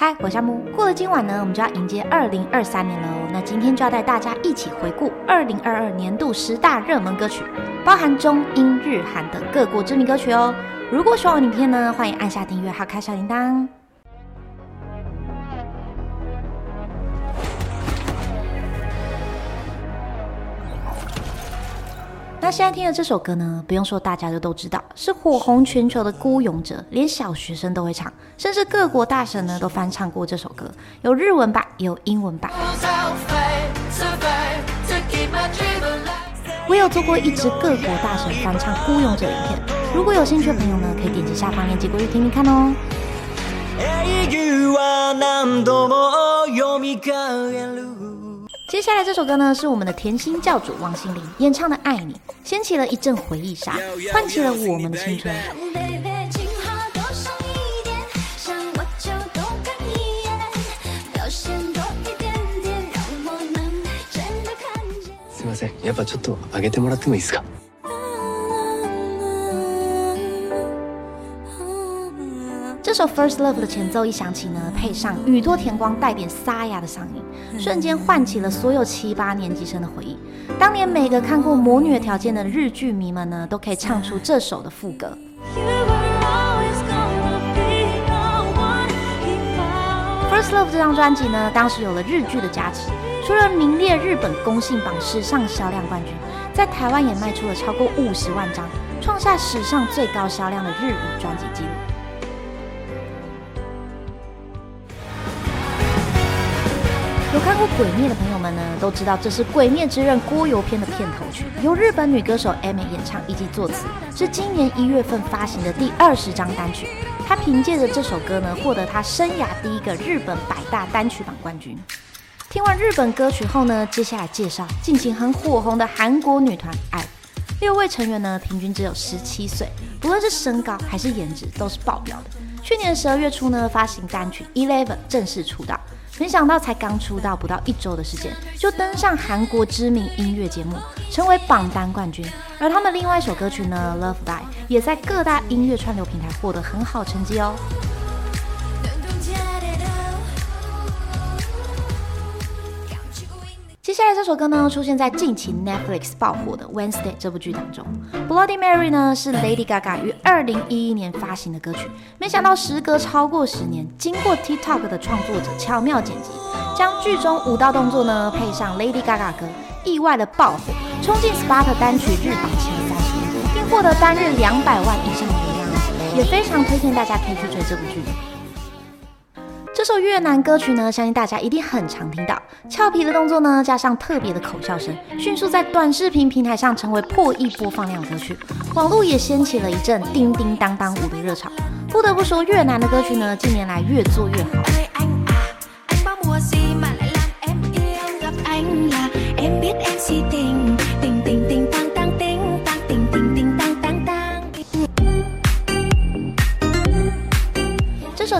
嗨，Hi, 我是夏慕。過了今晚呢，我們就要迎接二零二三年嘍、哦。那今天就要帶大家一起回顧二零二二年度十大熱門歌曲，包含中英日韓的各國知名歌曲哦。如果喜歡我的影片呢，歡迎按下訂閱號，開小鈴鐺。啊、現在聽的這首歌呢，不用說大家都知道，是火紅全球的《孤勇者》，連小學生都會唱，甚至各國大神呢都翻唱過這首歌，有日文版，也有英文版。 我有做過一支各國大神翻唱《孤勇者》的影片，如果有興趣的朋友呢，可以點擊下方鏈接過去聽聽看哦。接下來這首歌呢，是我們的甜心教主王心凌演唱的《愛你》，掀起了一陣回憶殺，喚起了我們的青春。すみません、やっぱちょっと上げてもらってもいいですか？這首 First Love 的前奏一響起呢，配上宇多田光帶點沙啞的嗓音，瞬間喚起了所有七八年級生的回憶。當年每個看過《魔女的條件》的日劇迷們呢，都可以唱出這首的副歌。First Love 這張專輯呢，當時有了日劇的加持，除了名列日本公信榜史上銷量冠軍，在台灣也賣出了超過五十萬張，創下史上最高銷量的日語專輯紀錄。有看過《鬼滅》的朋友們呢，都知道這是《鬼滅之刃》遊郭篇的片頭曲，由日本女歌手 Aimer 演唱以及作詞，是今年一月份發行的第二十張單曲。她憑借着這首歌呢，獲得她生涯第一個日本百大單曲榜冠軍。聽完日本歌曲後呢，接下來介紹近期很火紅的韓國女團 IVE，六位成員呢平均只有十七歲，不論是身高還是顏值都是爆表的。去年十二月初呢，發行單曲《Eleven》正式出道。沒想到，才剛出道不到一周的時間，就登上韓國知名音樂節目，成為榜單冠軍。而他們另外一首歌曲呢，《LOVE DIVE》也在各大音樂串流平台獲得很好成績哦。接下來這首歌呢，出現在近期 Netflix 爆火的《Wednesday》這部劇當中。《Bloody Mary》呢是 Lady Gaga 於2011年發行的歌曲。沒想到時隔超過十年，經過 TikTok 的創作者巧妙剪輯，將劇中舞蹈動作呢配上 Lady Gaga 歌，意外的爆火，衝進 Spotify 單曲日榜前三十名，並獲得單日兩百萬以上的流量。也非常推薦大家可以去追這部劇。這首越南歌曲呢，相信大家一定很常聽到。俏皮的動作呢，加上特別的口哨聲，迅速在短視頻平台上成為破億播放量歌曲，網絡也掀起了一陣叮叮噹噹舞的熱潮。不得不說，越南的歌曲呢，近年來越做越好。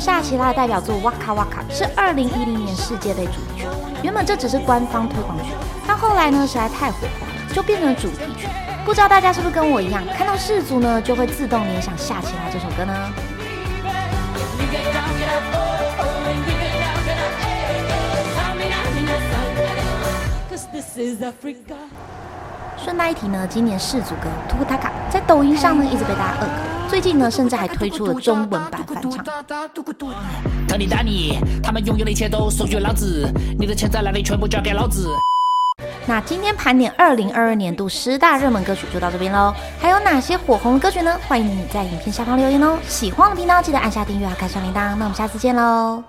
夏奇拉的代表作《哇咔哇咔》是二零一零年世界盃主題曲。原本這只是官方推廣曲，但後來呢，實在太火了，就變成主題曲。不知道大家是不是跟我一樣，看到世足呢，就會自動聯想夏奇拉這首歌呢？順帶一提呢，今年世足歌《Tukoh Taka》在抖音上呢一直被大家二哥，最近呢甚至還推出了中文版翻唱。丹尼，丹尼，他們擁有的一切都屬於老子，你的錢在哪裡，全部交給老子。那今天盤點二零二二年度十大熱門歌曲就到這邊嘍，還有哪些火紅的歌曲呢？歡迎你在影片下方留言哦。喜歡我的頻道記得按下訂閱啊，小鈴鐺。那我們下次見嘍。